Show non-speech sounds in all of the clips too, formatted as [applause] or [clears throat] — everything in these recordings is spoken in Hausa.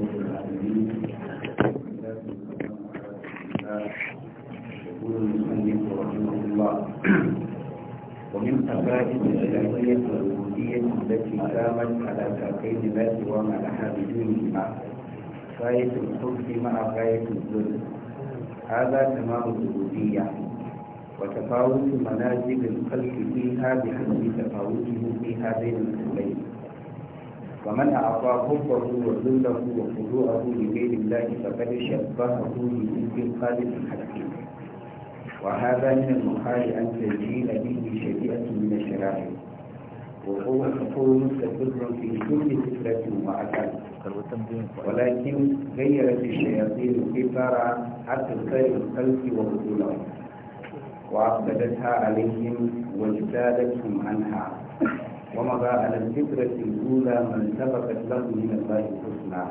ومن قبائل العلمية والوجودية التي قامت على ساقين لا سوى مع دونهما غاية الحب مع غاية الذل هذا تمام الوجودية وتفاوت منازل الخلق فيها بحسب تفاوته في هذين الحلين ومن أعطى حبه وذله وخضوعه لغير الله فقد شبهه بذل الخالق الحكيم وهذا من المحال أن تزيل به شريعة من الشرائع وهو حقول مستقر في كل فكرة وعقل ولكن غيرت الشياطين الفطر حتى خير الخلق وبطولهم وأفسدتها عليهم واجتالتهم عنها ومضى على الفكرة الأولى من سبقت له من الله الحسنى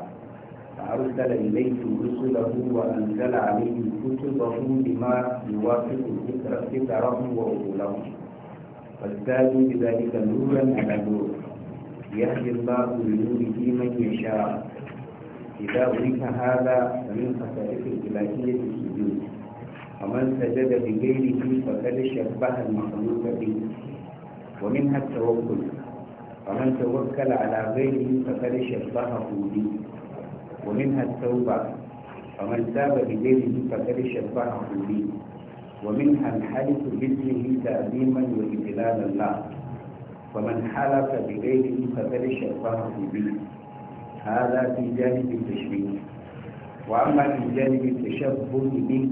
فأرسل إليه رسله وأنزل عليه كتبه بما يوافق الفكرة فكرهم وأصولهم فازدادوا بذلك نورا على نور يهدي الله لنوره من يشاء إذا أريد هذا فمن خصائص الإلهية السجود ومن سجد بغيره فقد شبه المخلوق به ومنها التوكل فمن توكل على غيره فقد شبهه به ومنها التوبة فمن تاب بغيره فقد شبهه به ومنها الحلف باسمه تعظيما وإذلالا له فمن حلف بغيره فقد شبهه به هذا في جانب التشبيه وأما في جانب التشبه به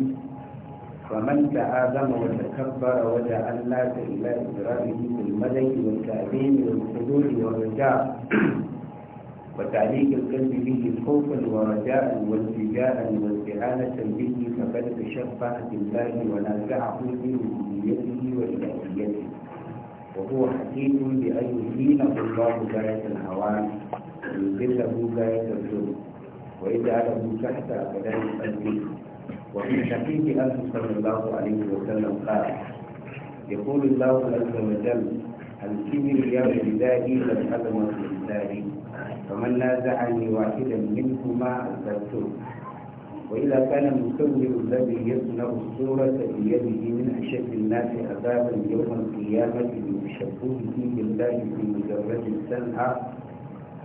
فمن تآدم وتكبر وجعل الناس إلى إدراكه بالمدد والتأمين والحدود والرجاء [clears throat] وتعليق القلب به خوفا ورجاء والتجاء واستعانة به فقد تشبه الله ونازعه في ربوبيته وإلهيته وهو حكيم بأن يهينه الله غاية الهوان ويذله غاية الظلم ويجعله تحت أقدام قلبه وفي حديث أنس صلى الله عليه وسلم قال يقول الله عز وجل الكبرياء بدائي في لله فمن نازعني واحدا منهما أثبته وإذا كان المكبر الذي يصنع الصورة بيده من أشد الناس عذابا يوم القيامة بتشبهه بالله في مجرد السنعة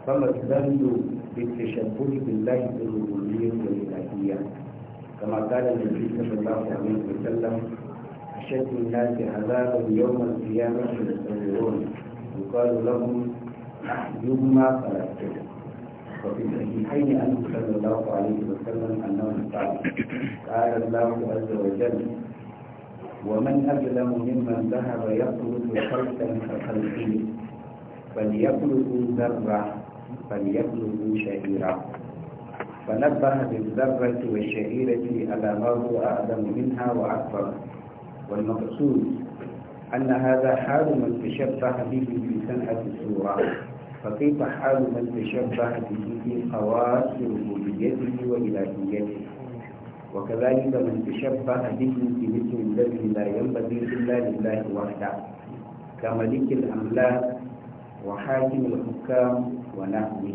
فما الذنب بالتشبه بالله في الربوبية والإلهية كما قال النبي صلى الله عليه وسلم أشد الناس عذابا يوم القيامة المسرون يقال لهم أحدهما فلا وفي الصحيحين أنه صلى الله عليه وسلم أنه قال قال الله عز وجل ومن أظلم ممن ذهب يطرد خلقا كخلقه فليخلقوا ذرة فليخلقوا شهيرا فنبه بالذرة والشعيرة على ما هو أعظم منها وأكبر والمقصود أن هذا حال من تشبه به في صنعة الصورة فكيف حال من تشبه به في خواص ربوبيته وإلهيته وكذلك من تشبه به في مثل الذي لا ينبغي إلا لله وحده كملك الأملاك وحاكم الحكام ونحوه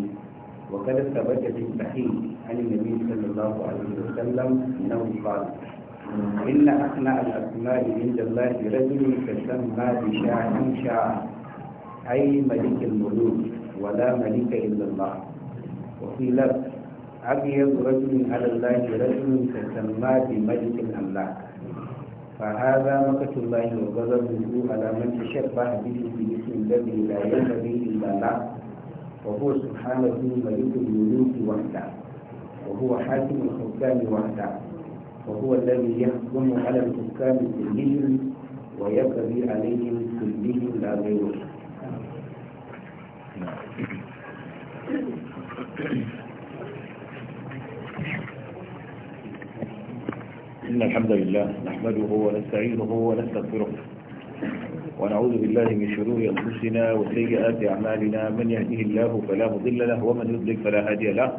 وكذا ثبت في الصحيح عن النبي صلى الله عليه وسلم أنه قال إن أقنع الأسماء عند الله رجل تسمى بشاع شاع أي ملك الملوك ولا ملك إلا الله وفي لفظ أبيض رجل على الله رجل تسمى بملك الأملاك فهذا مكة الله وغضبه على من تشبه به باسم الذي لا ينبغي إلا له وهو سبحانه ملك الملوك وهو حاكم الحكام وحده وهو الذي يحكم على الحكام كلهم ويقضي عليهم كلهم لا غيره نعم. إن الحمد لله نحمده ونستعينه ونستغفره ونعوذ بالله من شرور أنفسنا وسيئات أعمالنا من يهده الله فلا مضل له ومن يضلل فلا هادي له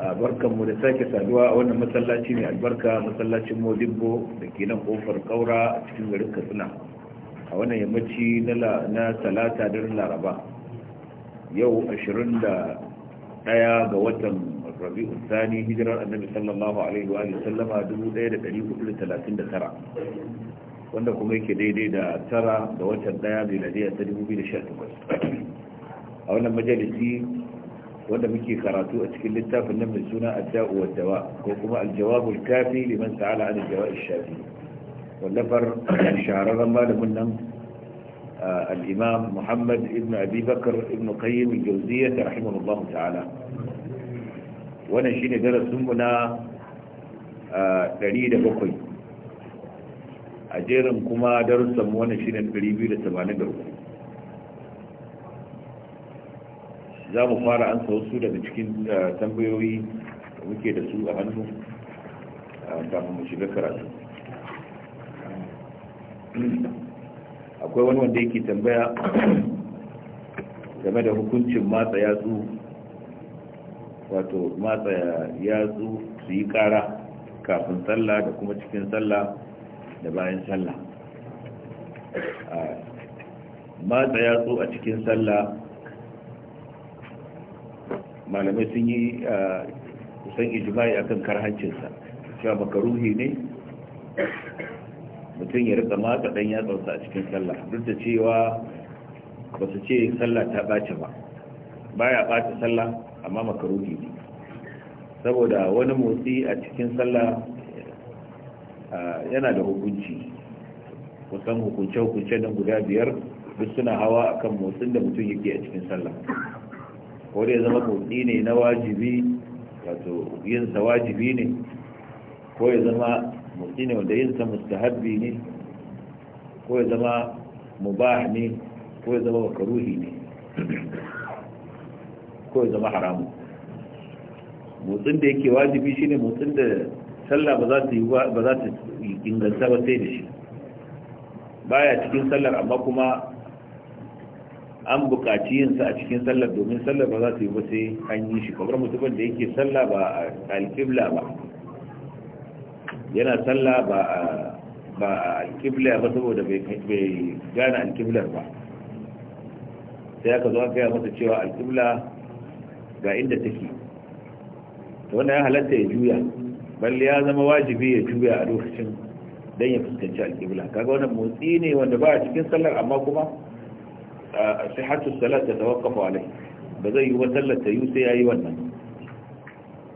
barkanmu da sake saduwa a wannan masallaci ne albarka masallacin modibbo da ke nan kofar kaura a cikin garin katsina a wannan yammaci na talata don laraba yau 21 ga watan rabi'u sani hijirar annabi sallallahu alaihi wa sallama 1439 wanda kuma yake daidai da tara ga watan daya miladiyya ta 2018 a wannan majalisi wanda muke karatu a cikin littafin nan mai suna adda'u wa dawa ko kuma aljawabul kafi liman sa'ala an jawa'i shafi wallafar shahararren malamin nan al-imam Muhammad ibn Abi Bakar ibn Qayyim al-Jawziyyah rahimahullahu ta'ala wannan shine darasin mu na 107 a jerin kuma darussan mu wannan shine 283 za mu fara an wasu daga cikin eh, tambayoyi da muke da su a hannu eh, kafin mu shiga karatu akwai wani wanda yake tambaya game da hukuncin matsa yatsu wato matsa yatsu su yi kara kafin sallah da kuma cikin sallah da bayan sallah ah, matsa yatsu a cikin sallah malamai sun yi kusan ijimai kan karhancinsa cewa makaruhi ne mutum ya rika matsa dan yatsansa a cikin sallah duk da cewa ba su ce sallah ta ɓace ba ba ya ɓace sallah amma makaruhi ne saboda wani motsi a cikin sallah yana da hukunci kusan hukunce-hukunce na guda biyar duk suna hawa akan motsin da mutum yake a cikin sallah ko dai zama motsi ne na wajibi wato yin sa wajibi ne ko ya zama motsi ne wanda yin sa mustahabbi ne ko ya zama mubah ne ko ya zama makaruhi ne ko ya zama haramu motsin da yake wajibi shine motsin da sallah ba za ta yi ba za ta inganta ba sai da shi baya cikin sallar amma kuma an bukaci yin sa a cikin sallar domin sallar ba za su yi ba sai an yi shi kamar mutumin da yake sallah ba a alƙibla ba yana sallah ba a alkibla alƙibla ba saboda bai gane alƙiblar ba sai aka zo aka gaya masa cewa alƙibla ga inda take ta wannan ya halatta ya juya balle ya zama wajibi ya juya a lokacin don ya fuskanci alƙibla kaga wannan motsi ne wanda ba a cikin sallar amma kuma sihhatu salat ta tawaqqafu alai ba zai yi wa sallar ta yi sai yayi wannan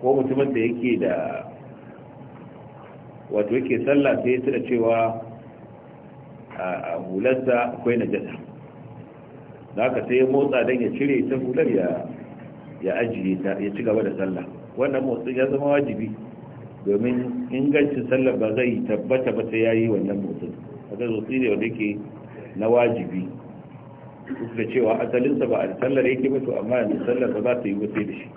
ko mutumin da yake da wato yake sallah sai ya cewa a hularsa akwai najasa da haka sai motsa don ya cire ta hular ya ajiye ta ya ci gaba da sallah wannan motsi ya zama wajibi domin ingancin sallar ba zai tabbata ba sai ya yi wannan motsin haka zo tsire wanda ke na wajibi duk da cewa asalinsa ba a sallar yake ba to amma yanzu sallar ba za ta yi wasu da shi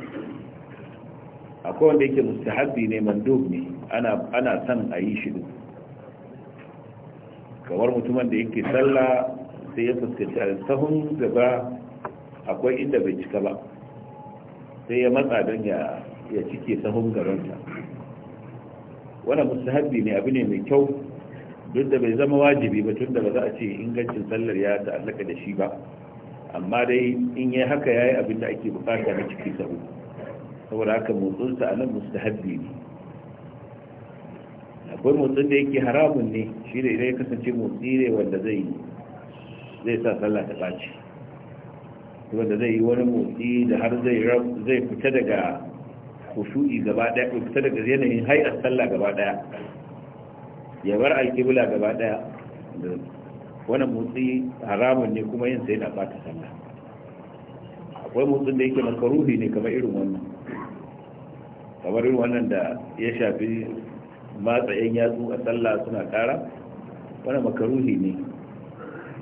akwai wanda yake mustahabi ne mandub ne ana ana son a yi shi kamar mutumin da yake sallah sai ya fuskanci sahun gaba akwai inda bai cika ba sai ya matsa don ya cike sahun garanta wannan mustahabi ne abu ne mai kyau duk da bai zama wajibi ba tun da ba za a ce ingancin sallar ya ta'allaka da shi ba amma dai in yi haka ya yi abin da ake bukata na ciki sabu saboda haka motsinsa a nan mustahabbi ne akwai motsin da yake haramun ne shi da idan ya kasance motsi ne wanda zai zai sa sallah ta ɓaci wanda zai yi wani motsi da har zai fita daga kushu'i gaba ɗaya fita daga yanayin hai'ar sallah gaba ɗaya ya bar alkibla gaba daya wannan motsi haramun ne kuma yin sai na bata sallah akwai motsin da yake makaruhi ne kamar irin wannan kamar irin wannan da ya shafi matsa yan yatsu a sallah suna kara wannan makaruhi ne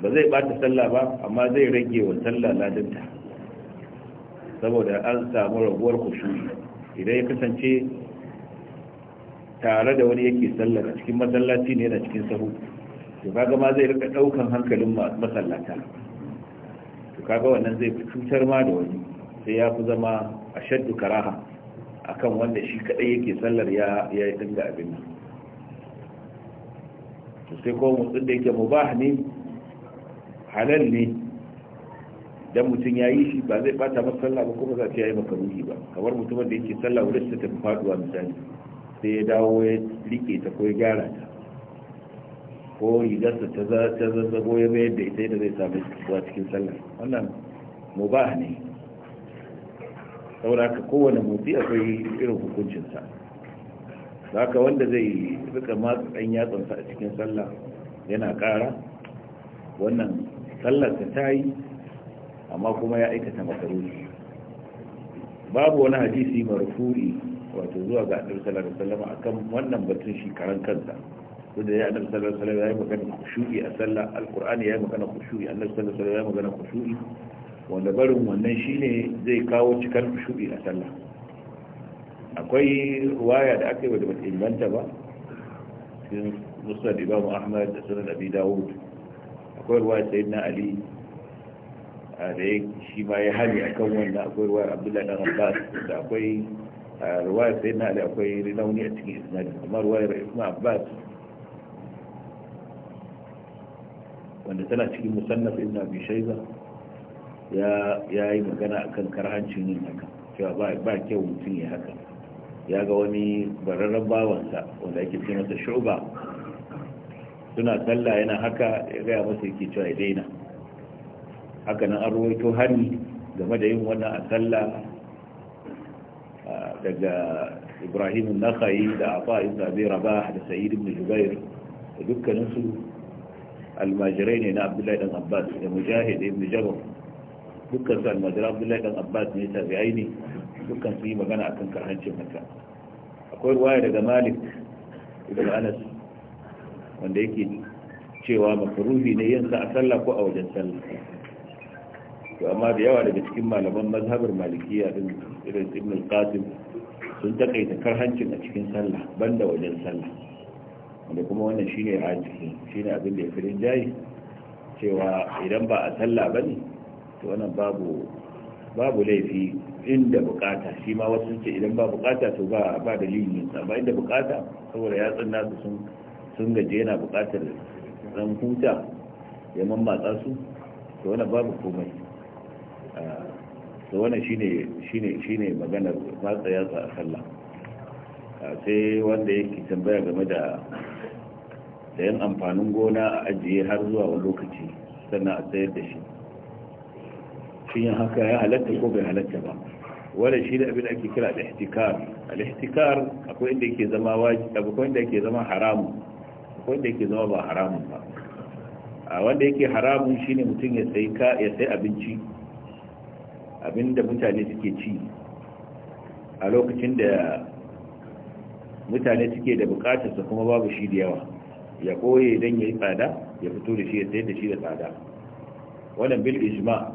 ba zai bata sallah ba amma zai rage wa sallah ladinta saboda an samu raguwar kushu idan ya kasance tare da wani yake sallar a cikin masallaci ne da cikin sahu to kaga ma zai rika daukan hankalin masallata to kaga wannan zai cutar ma da wani sai ya fi zama a shaddu karaha akan wanda shi kadai yake sallar ya ya dinga abin nan to sai ko mutum da yake mubah ne halal ne dan mutum ya yi shi ba zai bata masa sallah ba kuma za ta yi maka ruhi ba kamar mutumin da yake sallah wurin ta tafi faduwa misali sai ya dawo ya rike ta ko ya gyara ta ko rigarsa ta ko ya mayar da ita yadda zai sami shigowa cikin sallar wannan mubah ne saboda kowane motsi akwai irin hukuncinsa haka wanda zai rika matsa ɗan yatsansa a cikin sallah yana ƙara wannan sallarsa ta yi amma kuma ya aikata makaroni babu wani hadisi marfu'i wato zuwa ga annabi sallallahu alaihi wasallam akan wannan batun shi karan kansa da ya annabi sallallahu alaihi wasallam ya yi magana khushu'i a sallah alqur'ani ya yi magana khushu'i annabi sallallahu alaihi wasallam ya yi magana khushu'i wanda barin wannan shine zai kawo cikar khushu'i a sallah akwai waya da aka yi da bata inganta ba cikin musnad imamu ahmad da sunan abi dawud akwai ruwaya sayyidina ali da shi ma ya hali akan wannan akwai ruwaya abdullahi dan abbas da akwai ruwayar sai na akwai rauni a cikin isnadi amma ruwayar ibn abbas wanda tana cikin musannaf ibn abi shayba ya ya yi magana akan karhancin yin haka cewa ba ba kyau mutum ya haka ya ga wani bararren bawansa wanda yake ce masa shuba suna sallah yana haka ya gaya masa yake cewa ya daina haka nan an ruwaito hani game da yin wannan a sallah daga ibrahim nakhai da afa ibn abi rabah da sa'id ibn jubair da dukkanin su almajirai ne na abdullahi dan abbas da mujahid ibn jabr dukkan su almajirai abdullahi dan abbas ne tabi'ai ne dukkan su yi magana akan karhancin haka akwai ruwaya daga malik ibn anas wanda yake cewa makruhi ne yin sa a sallah ko a wajen sallah to amma da yawa daga cikin malaman mazhabar malikiya din irin ibn al-qasim sun takaita karhancin a cikin sallah banda wajen sallah wanda kuma wannan shine rajihi shine abin da yake rin jayi cewa idan ba a sallah bane to wannan babu babu laifi inda bukata shi ma wasu ce idan ba bukata to ba ba dalilin sa ba inda bukata saboda ya tsanna su sun sun gaje yana bukatar ran huta ya mammatsa su to wannan babu komai ah, to wannan shine shine shine maganar matsa yatsa a sallah sai wanda yake tambaya game da sayan amfanin gona a ajiye har zuwa wani lokaci sannan a sayar da shi shin haka ya halatta ko bai halatta ba wanda shi da abin ake kira al-ihtikar al-ihtikar akwai inda yake zama wajibi akwai inda yake zama haramun akwai inda yake zama ba haramun ba a wanda yake haramun shine mutum ya sai ka ya sai abinci abinda mutane suke ci a lokacin da mutane suke da bukatarsa kuma babu shi da yawa ya koye don ya yi tsada ya fito da shi ya sayar da shi da tsada wannan bil ijma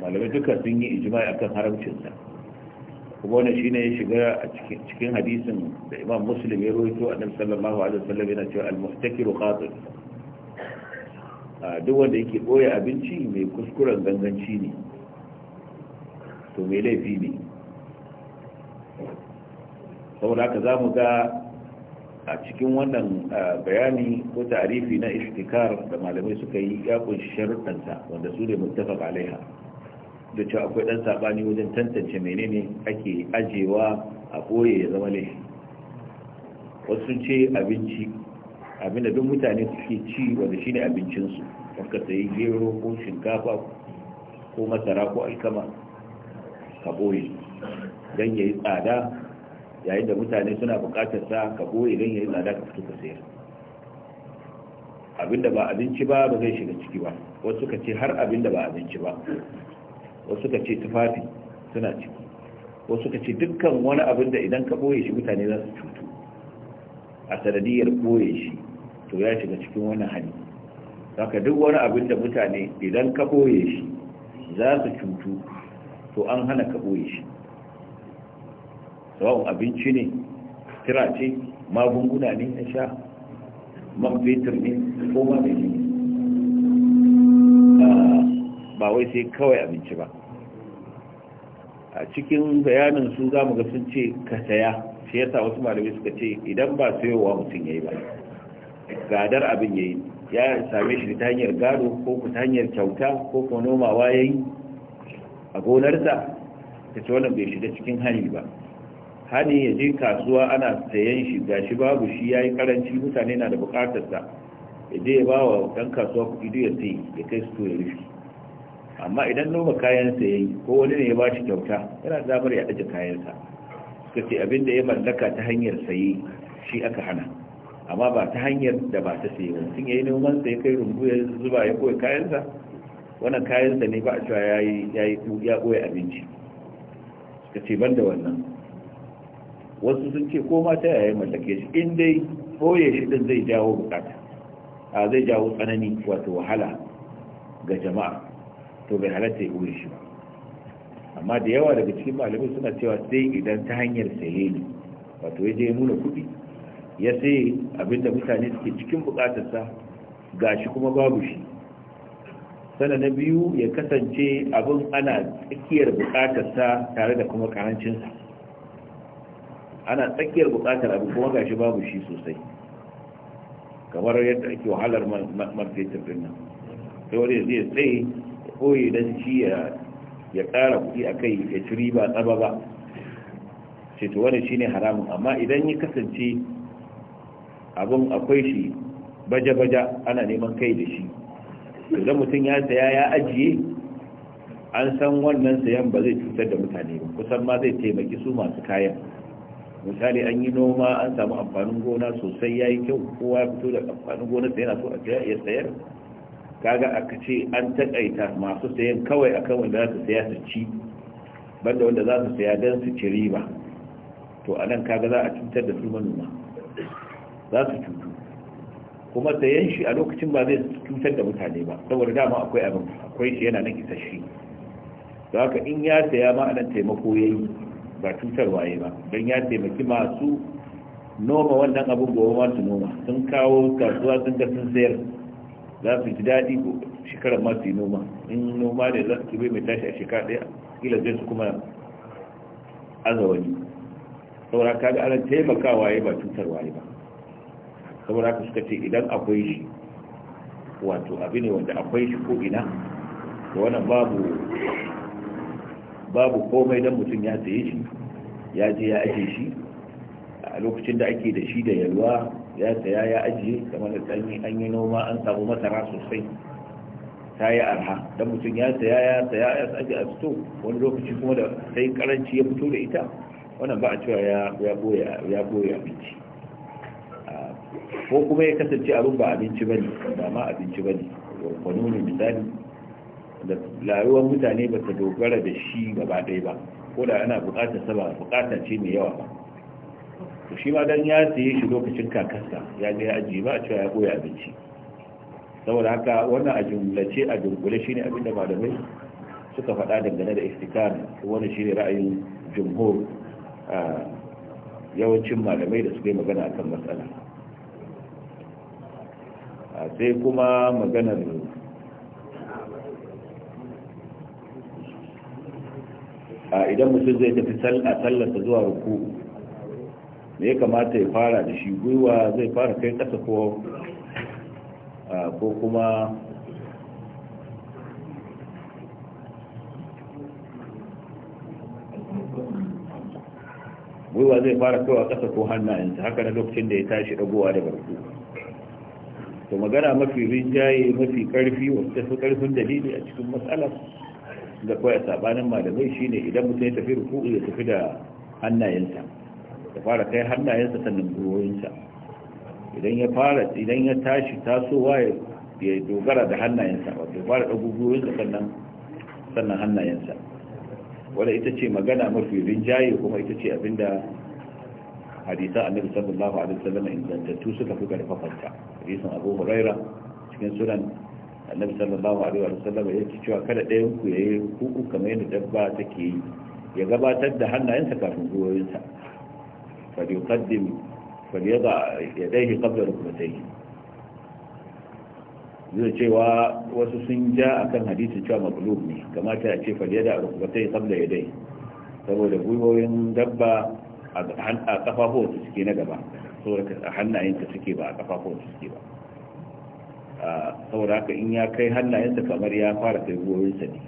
malamai duka sun yi ijma akan haramcinsa kuma wannan shine ya shiga a cikin hadisin da imam muslim ya rawaito annabi sallallahu alaihi wasallam yana cewa al-muhtakiru khatir duk wanda yake boye abinci mai kuskuren ganganci ne to mai laifi ne saboda haka za mu ga a cikin wannan bayani ko tarifi na istikar da malamai suka yi ya kunshi sharuɗansa wanda su ne muttafaq alaiha da cewa akwai ɗan saɓani wajen tantance menene ake ajewa a ɓoye ya zama laifi wasu ce abinci abinda duk mutane suke ci wanda shine abincinsu kanka sayi gero ko shinkafa ko masara ko alkama ka boye don ya yi tsada yayin da mutane suna bukatar sa ka boye don ya yi tsada ka fito ka sayar abinda ba abinci ba ba zai shiga ciki ba wasu ka ce har abinda ba abinci ba wasu ka ce tufafi suna ciki wasu ka ce dukkan wani abin da idan ka boye shi mutane za su cutu a sanadiyar boye shi to ya shiga cikin wani hali haka duk wani abin da mutane idan ka boye shi za su cutu to an hana ka ɓoye shi Sababin abinci ne tira ce magunguna ne na sha man fetur ne ko ma mai ne ah, ba wai sai kawai abinci ba a cikin bayanin su za mu ga sun ce ka saya shi yasa wasu malamai suka ce idan ba sayowa mutum ya yi ba gadar abin ya yi ya same shi ta hanyar gado ko ta hanyar kyauta ko ko nomawa ya yi a gonarsa ta ce wannan bai shiga cikin hani ba hani ya je kasuwa ana sayan shi ga shi babu shi ya yi karanci mutane na da bukatarsa ya je ya ba wa ɗan kasuwa kuɗi ya sai ya kai su ya rufe amma idan noma kayan sa ko wani ne ya ba shi kyauta yana damar ya ajiye kayansa suka ce abin da ya mallaka ta hanyar saye shi aka hana amma ba ta hanyar da ba ta saye ba sun yi noman sa ya kai rumbu ya zuba ya koyi kayansa wannan kayansa ne ba a cewa ya yi ya ɓoye abinci ka ce ban da wannan wasu sun ce ko ma ta yaya mallake shi in dai ɓoye shi ɗin zai jawo bukata a zai jawo tsanani wato wahala ga jama'a to bai halatta ya shi ba amma da yawa daga cikin malamai suna cewa sai idan ta hanyar saye ne wato ya je ya nuna kuɗi ya sai abinda mutane suke cikin bukatarsa gashi kuma babu shi sana na biyu ya kasance abin ana tsakiyar bukatarsa tare da kuma karancinsa ana tsakiyar bukatar abu kuma gashi babu shi sosai kamar yadda ake wahalar marfetar din nan sai wani zai tsaye ya koyi don shi ya kara kuɗi a kai ya ci ba tsaba ba ce to wani shine haramun amma idan ya kasance abin akwai shi baja-baja ana neman kai da shi idan mutum ya saya ya ajiye an san wannan sayan ba zai cutar da mutane ba kusan ma zai taimaki su masu kayan misali an yi noma an samu amfanin gona sosai ya yi kyau kowa ya fito da amfanin gona sai yana so a kira iya sayar kaga aka ce an takaita masu sayan kawai akan wanda za su saya su ci banda wanda za su saya don su ci riba to anan kaga za a cutar da su manoma za su cutu kuma sayan shi a lokacin ba zai cutar da mutane ba saboda dama akwai abin akwai shi yana nan isasshe da haka in ya saya ma taimako ya yi ba cutarwa ya ba don ya taimaki masu noma wannan abin gobe masu noma sun kawo kasuwa sun ga sun sayar za su ji daɗi shekarar masu yi noma in noma ne za su bai mai tashi a shekara ɗaya kila zai su kuma aza wani saura kaga ana taimakawa ya ba cutarwa ya ba saboda haka suka ce idan akwai shi wato abu ne wanda akwai shi ko ina da wannan babu babu komai don mutum ya saye shi ya je ya ajiye shi a lokacin da ake da shi da yalwa ya saya ya ajiye kamar da an yi noma an samu masara sosai ta yi arha don mutum ya saya ya saya ya ajiye a fito wani lokaci kuma da sai karanci ya fito da ita wannan ba a cewa ya boye abinci ko kuma ya kasance abin ba abinci bane ba ma abinci bane wani ne misali da rayuwar mutane ba ta dogara da shi gaba ɗaya ba ko da ana buƙatar saba ba ce mai yawa ba to shi ma dan ya saye shi lokacin kakarsa ya je ya ajiye ba a cewa ya koya abinci saboda haka wannan a jumlace a dunkule shine abin da malamai suka faɗa dangane da iftikar wani shine ra'ayin jumhur yawancin malamai da suka yi magana akan matsala sai kuma maganar a idan mutum zai tafi a tallata zuwa ruku me ya kamata ya fara da shi gwiwa zai fara kai kasa ko kuma gwiwa zai fara kaiwa kasa ko hannayen haka na lokacin da ya tashi ɗagowa da barku to magana mafi rinjaye mafi karfi wacce su karfin dalili a cikin matsalar da kawai sabanin malamai shine idan mutum ya tafi ruku'u ya tafi da hannayensa ya fara kai hannayensa sannan gwiwoyinsa idan ya fara idan ya tashi tasowa ya dogara da hannayensa wato ya fara ɗago gwiwoyinsa sannan sannan hannayensa wadda ita ce magana mafi rinjaye kuma ita ce abinda hadisa annabi sallallahu alaihi wasallam ingantattu suka fi karfafanta hadisin abu huraira cikin sunan annabi sallallahu alaihi wasallam ya ce cewa kada ɗayan ku yayi huku kamar yadda dabba take yi ya gabatar da hannayensa kafin gwiwoyinsa fa yuqaddim fa yada yadayhi qabla rukbatayhi zai cewa wasu sun ja akan hadisin cewa maglub ne kamata a ce fa yada rukbatayhi qabla yadayhi saboda gwiwoyin dabba a su suke na gaba saboda a hannayensa suke ba a su suke ba saboda haka in ya kai hannayensa kamar ya fara kai sa ne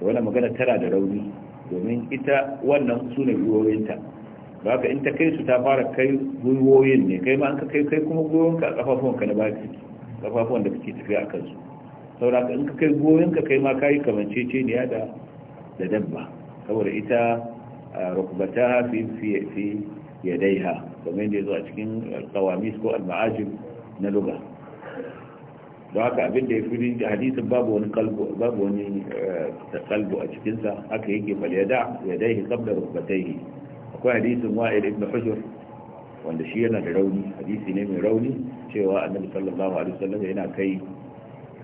wannan magana tara da rauni domin ita wannan su ne gwiwoyinta ba ka in ta kai su ta fara kai gwiwoyin ne kai ma an ka kai kai kuma gwiwoyinka a ka na baki kafafuwan da kake tafiya a kansu saboda haka in ka kai ka kai ma yi kamanceceniya da da dabba saboda ita rukbataha fi fi yadaiha kamar yadda yazo a cikin qawamis ko al na lugha don haka abin da ya fi da hadisin babu wani kalbu babu wani eh, kalbu a cikin sa haka yake bal yada yadaihi qabla rukbatayhi akwai hadisin wa'il ibn hujr wanda shi yana da rauni hadisi ne mai rauni cewa annabi sallallahu alaihi wasallam yana kai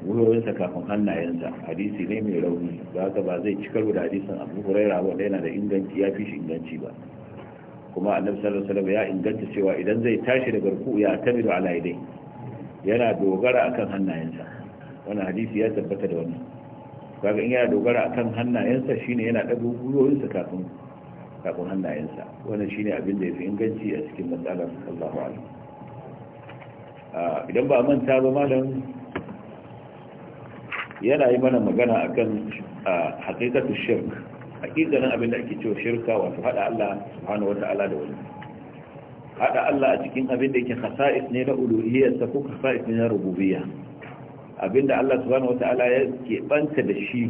wuyoyinsa kafin hannayensa hadisi ne mai rauni ba haka ba zai cikar da hadisin abu huraira wanda yana da inganci ya fi shi inganci ba kuma annabi sallallahu alaihi ya inganta cewa idan zai tashi daga ruku ya tamiru ala yadai yana dogara akan hannayensa wannan hadisi ya tabbata da wannan kaga in yana dogara akan hannayensa shine yana dago wuyoyinsa kafin kafin hannayensa wannan shine abin da yafi inganci a cikin matsalar Allahu a'lam ah, idan ba manta ba malam yana yi mana magana akan haqiqatu shirk haqiqanin abin da ake cewa shirka wato hada Allah subhanahu wata'ala da wani hada Allah a cikin abin da yake khasa'is ne na uluhiyyar sa ko khasa'is ne na rububiyya abinda Allah subhanahu wata'ala ya keɓanta da shi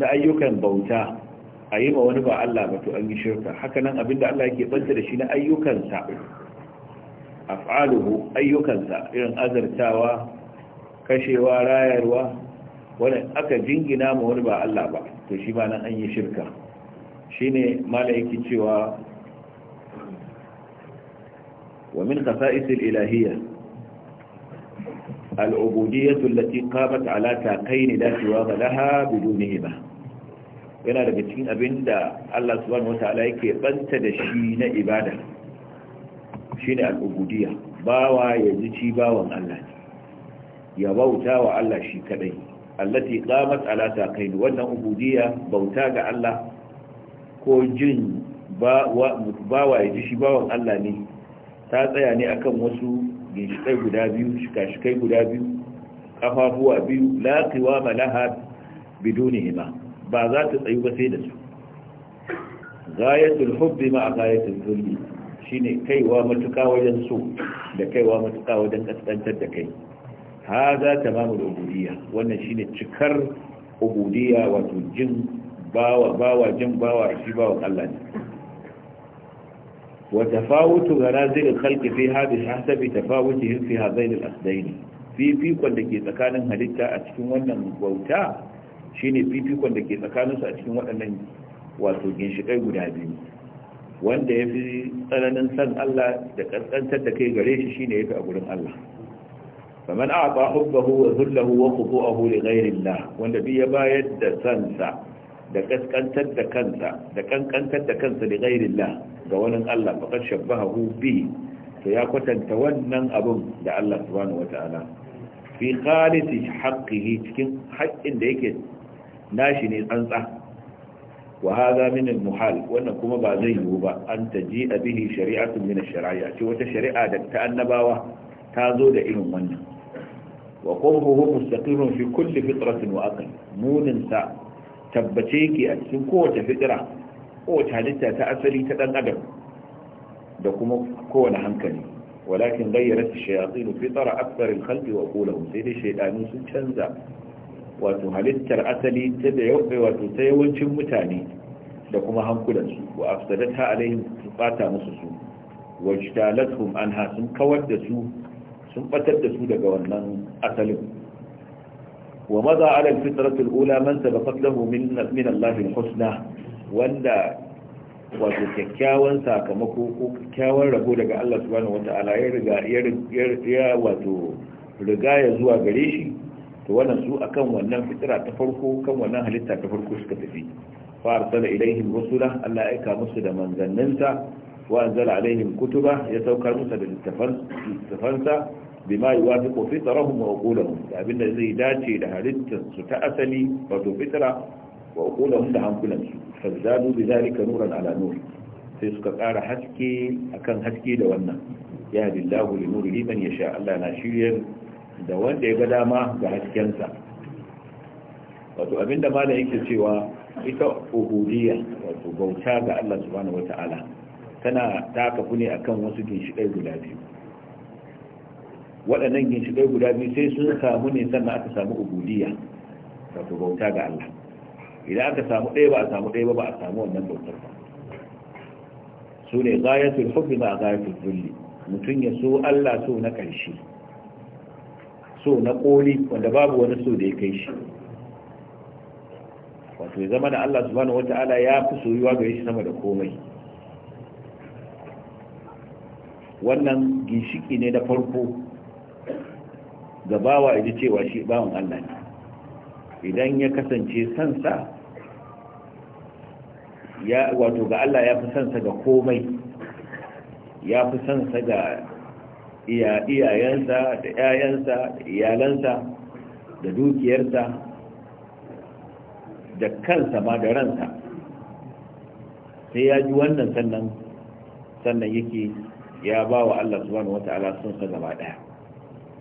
na ayyukan bauta a yi ma wani ba Allah ba to an yi shirka haka nan abinda Allah ya keɓanta da shi na ayyukansa af'aluhu ayyukansa irin azartawa kashewa rayarwa wani aka jingina ma wani ba Allah ba to shi ba nan an yi shirka shine malaiki cewa wa min ilahiyya al-ilahiyya al ta alata qamat ala taqayn ba siwa laha ba yana daga cikin abinda Allah subhanahu ala yake banta da shi na ibada Shi ne ubudiyyah bawa ya ji ci bawan Allah ne ya bauta wa Allah shi kadai allati qamat ala taqin wannan ubudiyya bauta ga Allah ko jin ba wa ya ji shi bawan Allah ne ta tsaya ne akan wasu ginshikai guda biyu shika-shikai guda biyu kafafuwa biyu la qiwama laha bidunihima ba za ta tsayu ba sai da su gayatul hubbi ma gayatul zulmi shine kaiwa matuka wajen so da kaiwa matuka wajen kaskantar da kai haza tamamul ubudiyya wannan shine cikar ubudiyya wato jin bawa bawa jin bawa shi bawa Allah ne wa tafawutu gara zai kalki fi hadi hasabi tafawutihim fi hadain al-asdain fifikon da ke tsakanin halitta a cikin wannan bauta shine fifikon da ke su a cikin waɗannan wato ginshikai guda biyu wanda ya fi tsananin san Allah da kaskantar da kai gare shi shine ya fi a gurin Allah faman a'ta hubbahu wa zullahu wa qutu'ahu li ghayrillah wanda bi ya bayar da sansa da kaskantar da kansa da kankantar da kansa da ghayrillah ga wani Allah faqad shabbahu bi to ya kwatanta wannan abun da Allah subhanahu wataala fi khalisi haqqihi cikin hakkin da yake nashi ne tsantsa wa hadha min wannan kuma ba zai yiwu ba an taji bihi shari'atun min ash-shari'a ce wata shari'a da ta annabawa ta zo da irin wannan wa qawluhu mustaqirrun fi kulli fitratin wa aql munin sa tabbace yake a cikin kowace fitra kowace halitta ta asali ta dan adam da kuma kowane hankali walakin ghayyarat ash-shayatin fitra akthar al-khalqi wa qulahum sai dai shaydanu sun canza wato halittar asali ta da yawa wato ta yawancin mutane da kuma hankulansu wa afsadata alaihim fata musu su wajtalathum anha sun kawar da su sun batar da su daga wannan asalin wa maza ala alfitratu alula man sabaqat lahu min min Allah alhusna wanda wato kyakkyawan sakamako ko kyakkyawan rabo daga Allah subhanahu wata'ala ya riga ya wato riga ya zuwa gare shi to wannan su akan wannan fitira ta farko kan wannan halitta ta farko suka tafi fa arsala ilaihim rusula Allah ya aika musu da manzanninsa wa anzala alaihim kutuba ya saukar musu da littafansa bima yuwafiqu fitrahum wa uqulahum da abinda zai dace da halittar su ta asali wato fitra wa uqulahum da hankulan su fazadu bi zalika nuran ala nur sai suka ƙara haske akan haske da wannan ya billahu li nurihi man yasha Allah na shiryar da wanda ya ga dama ga haskensa wato abinda malam yake cewa ita ubudiyya wato bauta ga Allah subhanahu wataala tana ta kafu ne akan wasu ginshiƙai guda biyu waɗannan ginshiƙai guda biyu sai sun samu ne sannan aka samu ubudiya wato bauta ga Allah idan aka samu ɗaya ba a samu ɗaya ba ba a samu wannan bautar ba su ne gayatul a gaya gayatul zulli mutum ya so Allah so na ƙarshe so na ƙoli wanda babu wani so da ya kai shi wato ya zama da Allah subhanahu wata'ala ya fi soyuwa gare shi sama da komai wannan ginshiki ne na farko ga bawa ya cewa shi bawan Allah ne idan ya kasance sansa ya wato ga Allah ya fi sansa ga komai ya fi sansa ga iyayensa da 'ya'yansa iyalansa da dukiyarsa da kansa ma da ransa sai ya ji wannan sannan sannan yake ya ba wa Allah subhanahu wata'ala sun sa gaba daya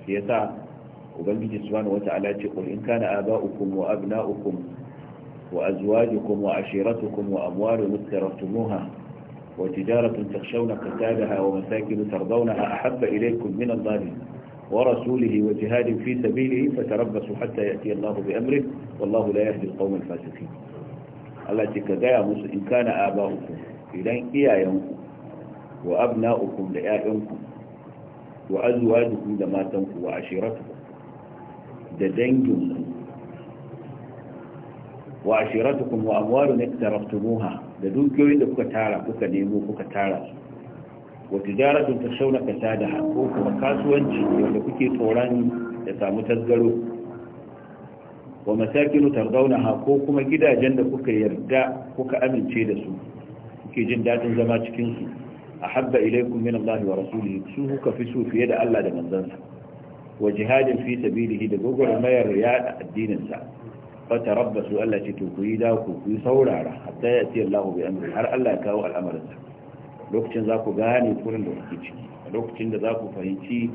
shi yasa ubangiji subhanahu wata'ala ce qul in kana aba'ukum wa abna'ukum wa azwajukum wa ashiratukum wa amwalun iktaraftumuha wa tijaratun takhshawna kasadaha wa masakin tardawnaha ahabba ilaykum min Allah wa rasulihi wa jihadin fi sabilihi fatarabbasu hatta ya'ti Allah bi amrihi wallahu la yahdi al-qawma al-fasiqin Allah ce ka gaya musu in kana aba'ukum idan iyayenku wa abna'ukum da ƴaƴanku wa azwajukum da matanku wa ashiratukum da dangin wa ashiratukum wa amwalun iktaraftumuha da dukiyoyin da kuka tara kuka nemo kuka tara wa tijaratun tashawna kasadaha ko kuma kasuwanci wanda kuke tsoron ya samu tasgaro wa masakinu tardawnaha ko kuma gidajen da kuka yarda kuka amince da su kuke jin dadin zama cikin su ahabba ilaykum min Allah wa rasulihi su kuka fi su fiye da Allah da manzansa wa jihadin fi sabilihi da gwagwarmayar yada addininsa fata rabba su Allah ce to ku yi da ku ku saurara hatta ya ce Allah bi amri har Allah ya kawo al'amarin al'amarinsa lokacin za ku gane kurin da kuke ciki lokacin da za ku fahimci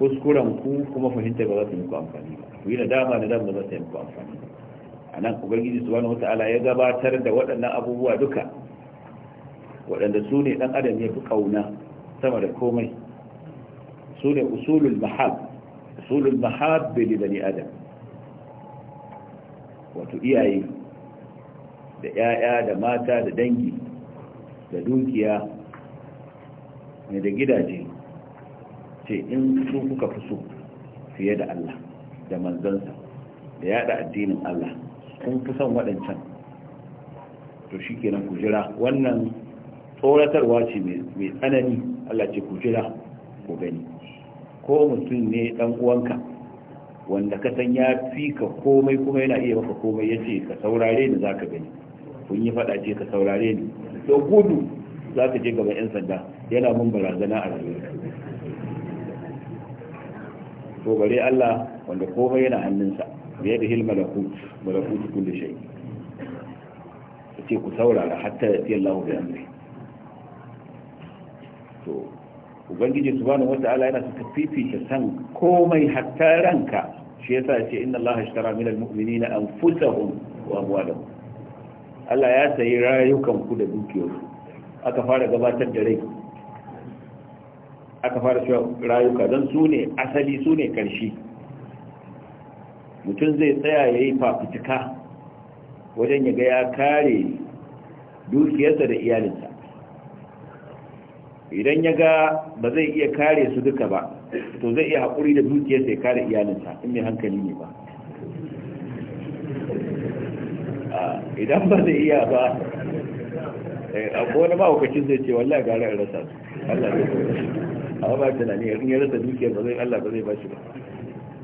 kuskuren ku kuma fahimta ba za su muku amfani ba ku yi nadama nadama ba za su muku amfani ba a nan ubangiji subhanahu wata'ala ya gabatar da waɗannan abubuwa duka waɗanda su ne ɗan adam ya fi ƙauna sama da komai su ne usulul mahal usulul mahabbi li bani wato iyaye da 'ya'ya da mata da dangi da dukiya mai da gidaje ce in su kuka fi so fiye da Allah da manzansa da yada addinin Allah kun fi son waɗancan to shi kenan ku jira wannan tsoratarwa ce mai tsanani Allah ce ku jira ku gani ko mutum ne dan uwanka wanda ka san ya fi ka komai kuma yana iya maka komai yace ka saurare ni zaka gani kun yi fada ce ka saurare ni to gudu zaka je gaba yan sanda yana mun barazana a rayuwa to bare Allah wanda komai yana hannunsa biye da hilma da kut malakut kulli shay ce ku saurara hatta ya Allah bi amri to ubangiji subhanahu wata'ala yana suka fifita san komai hatta ranka shi yasa ce inna Allah ishtara min almu'minina anfusahum wa amwalahum Allah ya sayi rayukan ku da dukiyoyinku aka fara gabatar da rai aka fara cewa rayuka don su ne asali su ne ƙarshe mutum zai tsaya ya yi fafutuka wajen ya ga ya kare dukiyarsa da iyalinsa idan ya ga ba zai iya kare su duka ba to zai iya haƙuri da dukiyar sai kare iyalinsa in mai hankali ne ba idan ba zai iya ba eh, abu wani mahaukacin zai ce wallah gara a rasa su Allah zai a ba tunani in ya rasa dukiyar ba zai Allah ba zai ba shi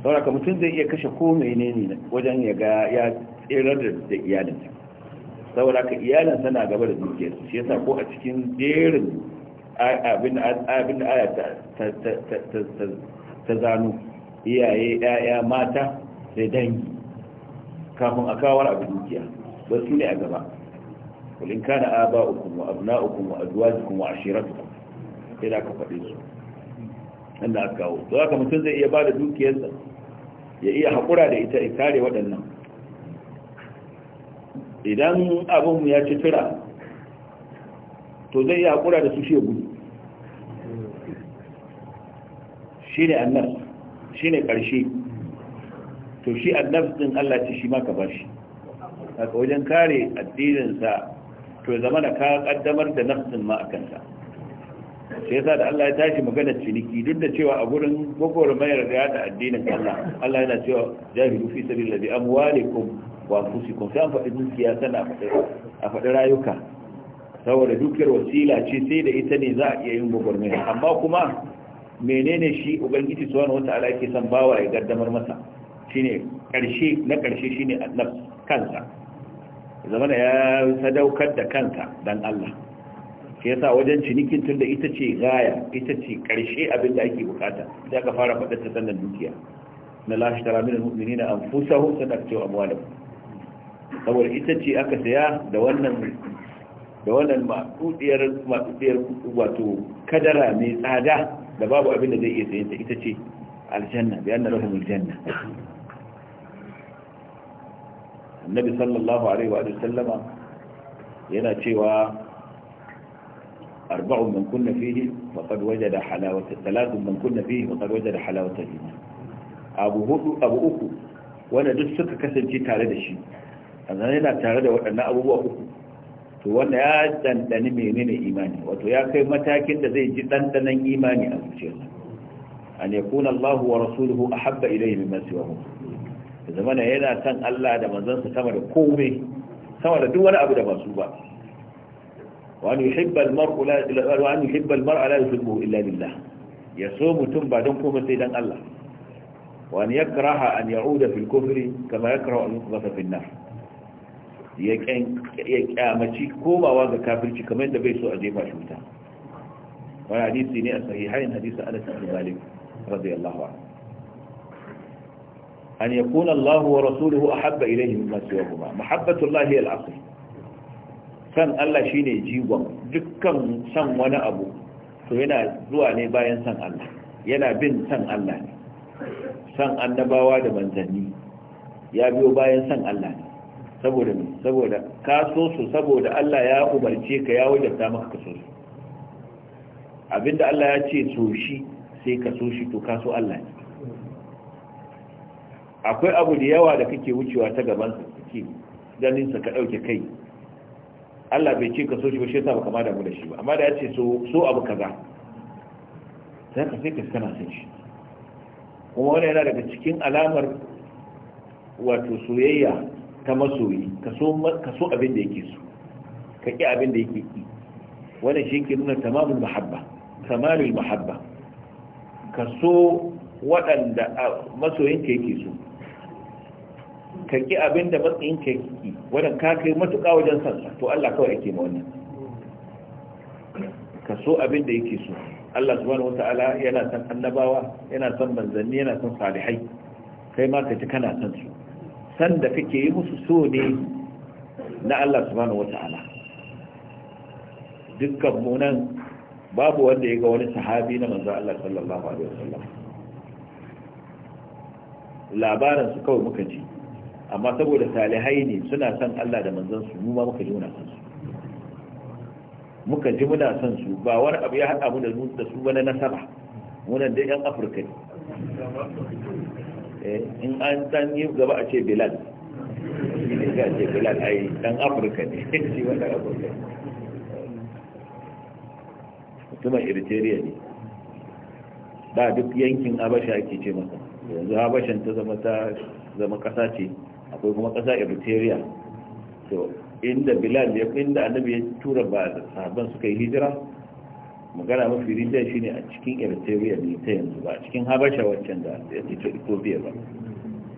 ba ka mutum zai iya kashe ko ne wajen ya ga ya tsirar da iyalinsa saboda ka iyalinsa na gaba da su shi yasa ko a cikin jerin abin abin aya ta zanu iyaye yaya mata da dangi kafin a kawar abin dukiya ba su ne a gaba kulin kana uku wa a wa jikin wa ashiratukum sai da ka faɗi su inda aka kawo to haka mutum zai iya ba da dukiyarsa ya iya haƙura da ita ya kare waɗannan idan abin ya ci tura to zai iya haƙura da su shi gudu shi ne annabs shi ne ƙarshe to shi annabs ɗin Allah ce shi maka ba shi a wajen kare addininsa to zama da ka ƙaddamar da nafsin ma a kansa shi yasa da Allah ya tashi magana ciniki duk da cewa a gurin gogoro mai riga da addinin Allah Allah yana cewa jahilu fi sabilillahi amwalikum wa anfusikum sai an faɗi dukiya sana a faɗi rayuka saboda dukiyar wasila ce sai da ita ne za a iya yin gwagwarmaya amma kuma menene shi ubangiji subhanahu wata'ala yake son bawa ya gaddamar masa shine karshe na karshe shine annab kansa zamana ya sadaukar da kanka dan Allah shi yasa wajen cinikin tunda ita ce gaya ita ce karshe abin da ake bukata sai aka fara faɗar ta sannan dukiya na lashi tara min almu'minina anfusahum sadaqtu amwalahum saboda ita ce aka saya da wannan da wannan matudiyar wato kadara mai tsada da babu abin da zai iya sayen ta ita ce aljanna bi anna lahum aljanna annabi sallallahu alaihi wa sallama yana cewa Arba'u man kunna fihi faqad wajada halawata thalathun man kunna fihi faqad wajada halawata al-iman abu hudu abu uku wanda duk suka kasance tare da shi annabi yana tare da waɗannan abubuwa uku to wanda ya dandani menene imani wato ya kai matakin da zai ji dandanan imani a zuciyarsa an yakuna Allahu wa rasuluhu ahabba ilayhi mimma siwahu zamana yana san Allah da manzansa sama da komai sama da duk wani abu da ba su ba وأن يحب المرء لا وأن يحب ya so mutum ba don يصوم sai دنكم Allah. الله وأن يكره أن يعود في الكفر kama يكره أن يقذف في النار ya kyamaci komawa ga kafirci kamar yadda bai so a jefa shi wuta wani hadisi ne a sahihain hadisi anas ibn malik radiyallahu anhu an yakuna Allah wa rasuluhu ahabba ilayhi mimma siwahuma mahabbatu Allah hiya al-asl san Allah shine jigon dukkan san wani abu to yana zuwa ne bayan san Allah yana bin san Allah ne san annabawa da manzanni ya biyo bayan san Allah ne saboda mu saboda ka so su saboda Allah ya umarce ka ya wajabta maka ka so su abinda Allah ya ce so shi sai ka so shi to ka so Allah ne akwai abu da yawa da kake wucewa ta gaban sa kake ganin sa ka dauke kai Allah bai ce ka so shi ba shi yasa baka ma damu da shi ba amma da ya ce so so abu kaza sai ka sai ka kana son shi kuma wannan yana daga cikin alamar wato soyayya ta masoyi ka so abin da yake so ka ƙi abin da yake ƙi wannan shi ke nuna tamamul mahabba kamalul mahabba ka so waɗanda masoyinka yake so ka ƙi abin da matsayinka yake ƙi wannan ka kai matuƙa wajen sansa to Allah kawai yake ma wannan ka so abin da yake so Allah subhanahu wata'ala yana san annabawa yana san manzanni yana san salihai kai ma ka ji kana san su Sanda kake yi musu so ne na Allah subhanahu wata'ala dukkan mu nan babu wanda ya ga wani sahabi na manzo Allah sallallahu alaihi wasallam labarin su kawai muka ji amma saboda salihai ne suna son Allah da manzon su mu ma muka ji muna son su muka ji muna son su ba wani abu ya hada mu da su ba na nasaba munan dai yan Afirka ne Eh, in an dan yi gaba a ce bilal ga ce bilal ai dan afirka ne [laughs] shi wanda afirka mutumin eritrea ne da duk yankin abasha ake ce masa yanzu abashan ta zama ta zama kasa ce akwai kuma kasa eritrea to inda bilal ya inda annabi ya tura ba sahabban suka yi hijira magana mafi shi ne a cikin eritrea ne ta yanzu ba a cikin habasha waccan da ya ce ta ethiopia ba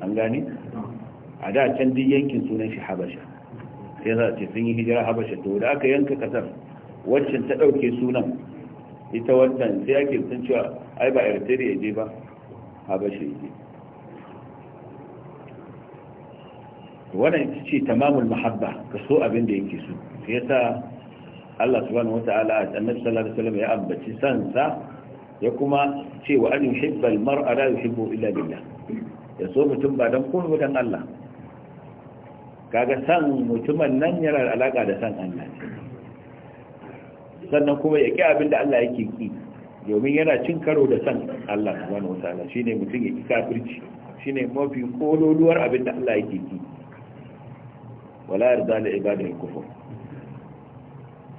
an gani a da can duk yankin sunan shi habasha sai za a ce sun yi hijira habasha to da aka yanka kasar waccan ta ɗauke sunan ita wancan sai ake sun cewa ai ba eritrea je ba habasha je wannan ce tamamul mahabba ka so abin da yake so sai sa. Allah subhanahu wata'ala a annabi sallallahu alaihi wasallam ya ambaci sansa ya kuma ce wa an yuhibba al-mar'a la yuhibbu illa billah ya so mutum ba dan komai dan Allah kaga san mutumin nan yana da alaka da san Allah sannan kuma ya ki abinda Allah yake ki domin yana cin karo da san Allah subhanahu wata'ala shine mutum ya ki kafirci shine mafi kololuwar abinda Allah yake ki wala yarda li ibadihi kufur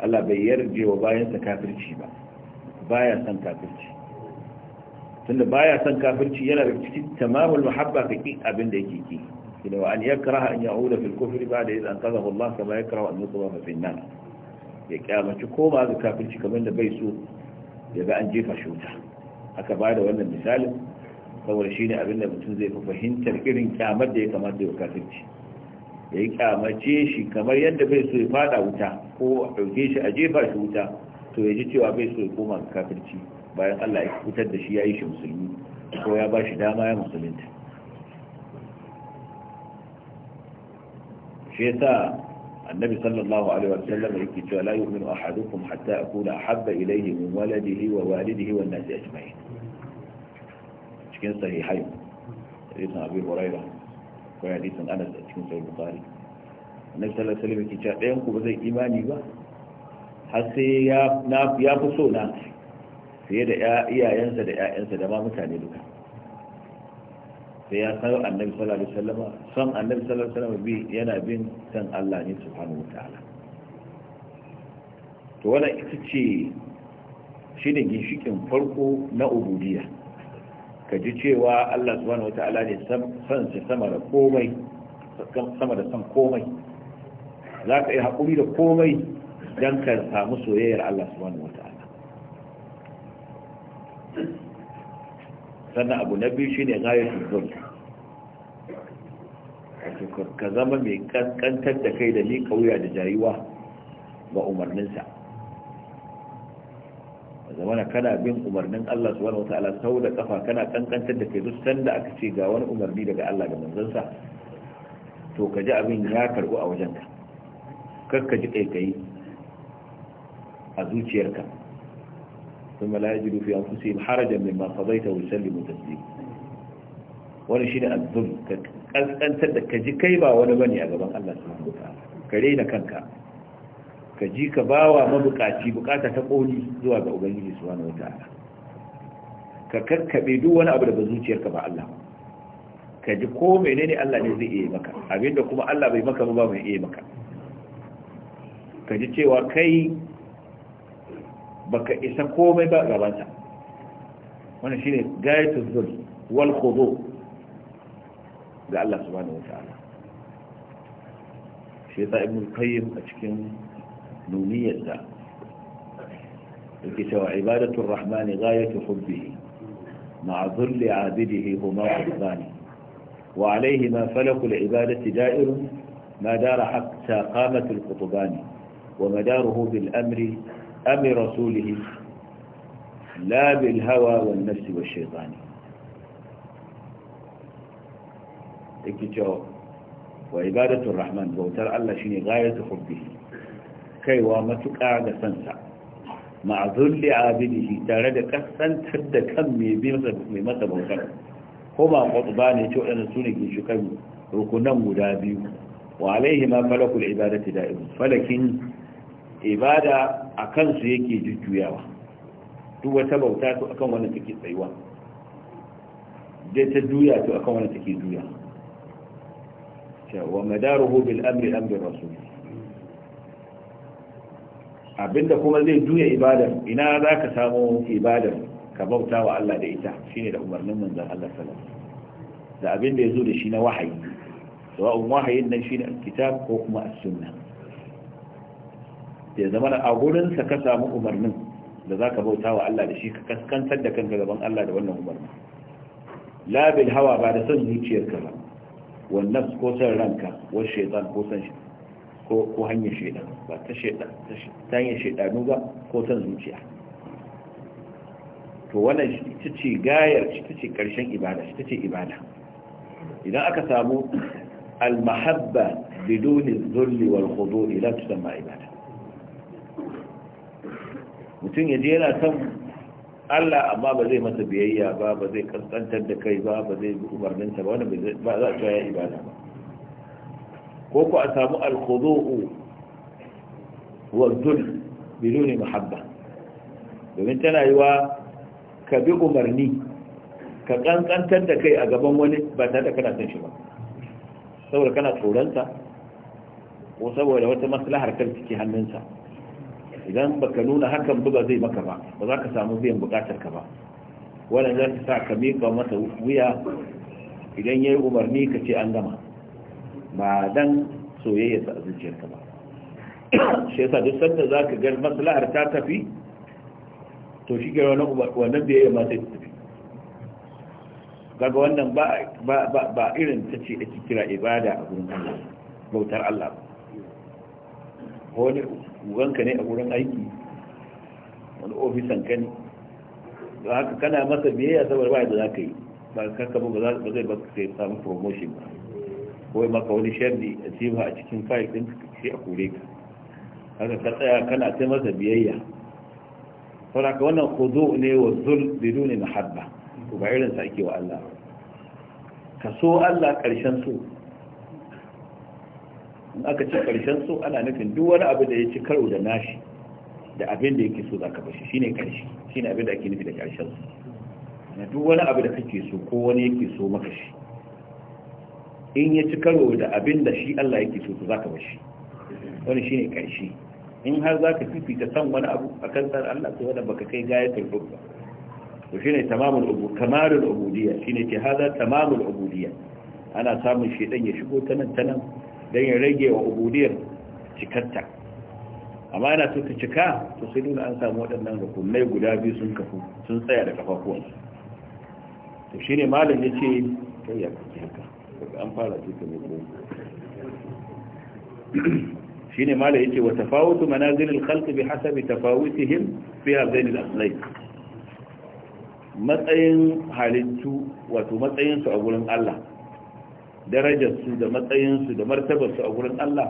Allah bai yarje wa bayansa kafirci ba baya son kafirci tunda baya son kafirci yana da cikin tamamul muhabba ka ki abin da yake ki kina wa an yakraha an ya'uda fil kufri ba'da idh anqadhahu Allah kama an yusaba fi nar ya kyamaci koma ga kafirci kamar da bai so ya ga an jefa shi wuta aka bada wannan misalin saboda shine abin da mutum zai fi fahimtar irin kyamar da ya kamata ya kafirci ya yi kyamace shi kamar yadda bai so ya fada wuta ko a ɗauke shi a jefa shi wuta to ya ji cewa bai so ya koma kafirci bayan Allah ya fitar da shi ya yi shi musulmi ko ya ba shi dama ya musulunta shi yasa annabi sallallahu alaihi wa sallam yake cewa la yu'minu ahadukum hatta akuna habba ilayhi min waladihi wa walidihi wan nasi ajma'in cikin sahihai ibn abi hurairah akwai hadisin anas a cikin sahih bukhari annabi sallallahu alaihi wasallam yake cewa ɗayan ku ba zai imani ba har sai ya na ya fi so na fiye da iyayensa da iyayensa da ma mutane duka sai ya san annabi sallallahu alaihi wasallam san annabi sallallahu alaihi wasallam bi yana bin san Allah ne subhanahu ala to wannan ita ce shine ginshikin farko na ubudiyya ka ji cewa Allah subhanahu wata'ala ne san shi sama da komai sama da san komai za ka yi haƙuri da komai don ka samu soyayyar Allah subhanahu wata'ala sannan abu na biyu shine ghayatul zulm ka zama mai kankantar da kai da ni kauya da jayuwa ba umarninsa zamana kana bin umarnin Allah subhanahu wataala sau da kafa kana kankantar da kai duk sanda aka ce ga wani umarni daga Allah da manzansa to ka ji abin ya karbu a wajenka kar ka ji kaikayi a zuciyarka an ثم لا يجد في أنفسهم حرجا مما قضيته ويسلموا تسليما wani shi ne azzul ka kaskantar da ka ji kai ba wani bane a gaban Allah subhanahu ta'ala. ka rena kanka ka ji ka bawa mabukaci bukata ta koli zuwa ga ubangiji su wani wata ka kakkabe duk wani abu da ba zuciyarka ba Allah ka ji ko ne Allah ne zai iya maka abinda kuma Allah bai maka ba mai iya maka ka ji cewa kai baka isa komai ba gabansa shi shine gayatul zul wal khudu ga Allah subhanahu wataala shi yasa ibn qayyim a cikin نونية الكتاب عبادة الرحمن غاية حبه مع ظل عابده هما حبان وعليهما فلق العبادة دائر ما دار حتى قامت القطبان ومداره بالأمر أمر رسوله لا بالهوى والنفس والشيطان وعبادة الرحمن بوتر الله شني غاية حبه kaiwa matuƙa ga sansa ma'azulli abidihi tare da kasantar da kan mai masa bautar ko ba kwatsuba ne ce waɗanda su ne ke shukan rukunan guda biyu wa alaihi ma falakul ibadati da'im falakin ibada a kansu yake jujjuyawa duk wata bauta su akan wannan take tsayuwa dai ta juya to akan wannan take juya wa madaruhu bil amri amri rasul abinda kuma zai juya ibadar ina za ka samu ibadar ka bauta wa Allah da ita shine da umarnin manzon Allah sallallahu da abin da ya zo da shi na wahayi sawa'un wahayin nan shine kitab ko kuma as-sunna ya zama a gurin sa ka samu umarnin da zaka bauta wa Allah da shi ka kaskantar da kanka gaban Allah da wannan umarnin la bil hawa ba da son zuciyarka ba wannan ko san ranka wa shaytan ko san ko hanyar shaidan ba ta hanyar shaidanu ba ko ta zuciya to wannan ita ce gayar ita ce karshen ibada ita ce ibada idan aka samu almahabba bidonin zulli wal khudu ila tusamma ibada mutum yaje yana son Allah amma ba zai masa biyayya ba ba zai kaskantar da kai ba ba zai bi umarninsa ba wanda ba za a cewa ya ibada ba ko ku a samu alkhudu'u wa zul muhabba domin tana yi wa ka bi umarni ka kankantar da kai a gaban wani ba tare da kana son shi ba saboda kana tsoronsa ko saboda wata maslahar kan ciki hannunsa idan baka nuna hakan ba zai maka ba ba za ka samu biyan bukatar ka ba wannan za ta sa ka miƙa masa wuya idan ya yi umarni ka ce an gama ba dan soyayya a zuciyarka ba shi yasa duk sanda za ka gan maslahar ta tafi to shi wani wannan biyayya ma sai tafi kaga wannan ba irin ta ce ake kira ibada a gurin Allah bautar Allah wani ka ne a gurin aiki wani ofisan ka ne da haka kana masa biyayya saboda ba da za ka yi ba ka ba zai ba ka samu promotion ba ko maka wani sharri a cewa a cikin fayil ɗin sai a kore ka haka ka tsaya kana ta masa biyayya saboda ka wannan khudu ne wa zul biduni mahabba ko ba irinsa sa ake wa Allah ka so Allah karshen so in aka ce karshen so ana nufin duk wani abu da ya ci karo da nashi da abin da yake so za ka bashi shine karshe shine abin da ake nufi da karshen so na duk wani abu da kake so ko wani yake so maka shi in ya ci karo da abin da shi Allah yake so to zaka bashi wani shi ne karshe in har zaka fifita san wani abu a kan tsar Allah to wanda baka kai gaya tarbuk ba to shi ne tamamul ubu kamalul ubudiyya ne ce hada tamamul ubudiyya ana samun dan ya shigo ta nan ta nan dan ya rage wa ubudiyar cikarta amma yana so ta cika to sai nuna an samu waɗannan rukunai guda biyu sun kafu sun tsaya da kafafuwansu to shi ne malam yace kai ya kace haka an fara cikin Shi ne mala yace wa tafawutu manazilil khalq bi hasabi tafawutihim fi hadain al-aslay matsayin halittu wato matsayin su a gurin Allah darajar su da matsayin su da martabar su a gurin Allah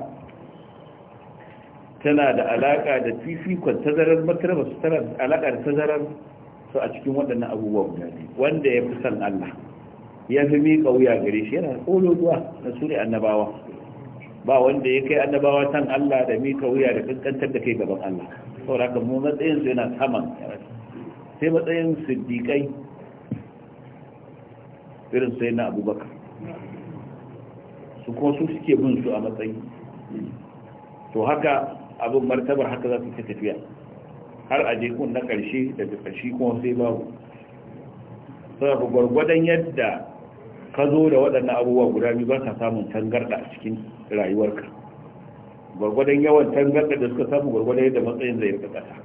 tana da alaka da fifikon tazarar martabar su tana da alaka da tazarar su a cikin waɗannan abubuwa guda wanda ya fi san Allah ya fi miƙa wuya gare shi yana ƙololuwa na suri annabawa ba wanda ya kai annabawa san Allah da miƙa wuya da kankantar da kai gaban Allah saboda haka mu matsayinsu su yana saman sai matsayin siddiƙai irin sai na abubakar su kuma su suke bin su a matsayi to haka abin martabar haka za su ta tafiya har a jekun na ƙarshe da ƙarshe kuma sai babu saboda gwargwadon yadda ka zo da waɗannan abubuwa guda biyu ba ka samun tangarɗa a cikin rayuwarka gwargwadon yawan tangarɗa da suka samu gwargwadon yadda matsayin zai rika ƙasa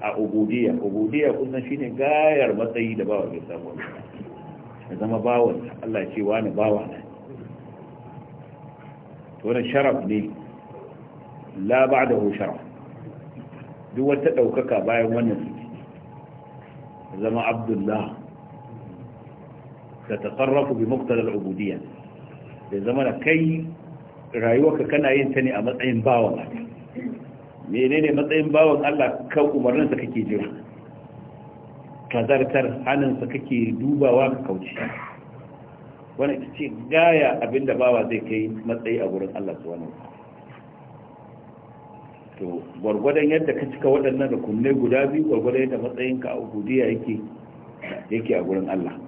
a ubudiya ubudiya kusan shine gayar matsayi da bawa bai samu ya zama bawan Allah ya ce wani bawa ne to wannan sharaf ne la ba'dahu sharaf duk wata ɗaukaka bayan wannan zama Abdullahi. ta tasarrafu bi muqtadal ubudiyya da zama da kai rayuwarka kana yin ta ne a matsayin bawan Allah menene matsayin bawan Allah kan umarninsa kake jira kazartar hannunsa sa kake dubawa ka kauce wani ita ce gaya abinda bawa zai kai matsayi a gurin Allah subhanahu to gwargwadon yadda ka cika waɗannan da kunne guda biyu gwargwadon yadda matsayinka a ubudiya yake yake a gurin Allah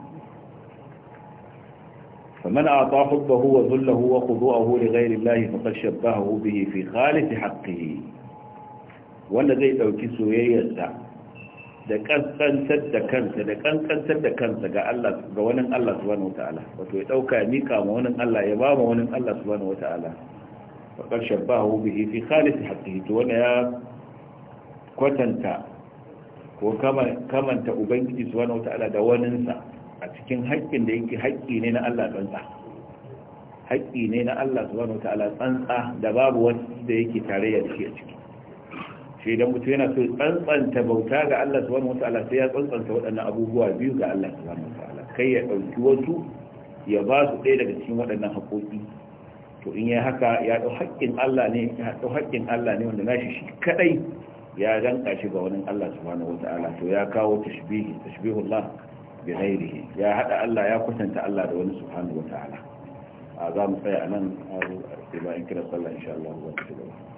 فمن أعطى حبه وذله وخضوعه لغير الله فقد شبهه به في خالص حقه wanda zai ɗauki soyayyarsa da kankantar da kansa da kankantar da kansa ga Allah ga wani Allah subhanahu wata'ala wato ya ɗauka ya mika ma wani Allah ya ba ma wani Allah subhanahu wata'ala wa ƙarshen ba hu bihi fi khalisi haqqihi to wanda ya kwatanta ko kamanta ubangiji subhanahu wata'ala da waninsa cikin haƙƙin da yake haƙƙi ne na Allah tsantsa haƙƙi ne na Allah subhanahu wataala tsantsa da babu wani da yake tarayya da shi a ciki shi idan mutum yana so tsantsanta bauta ga Allah subhanahu wataala sai ya tsantsanta waɗannan abubuwa biyu ga Allah subhanahu wataala kai ya ɗauki wasu ya ba su ɗaya daga cikin waɗannan haƙoƙi to in ya haka ya ɗau haƙƙin Allah ne ya ɗau haƙƙin Allah ne wanda nashi shi kaɗai? ya danka shi ga wani Allah subhanahu wataala to ya kawo tashbihi tashbihullah bi ghairihi ya hada Allah ya kwatanta Allah da wani subhanahu wataala a za mu tsaya nan a ba in kira sallah insha Allah wa ta'ala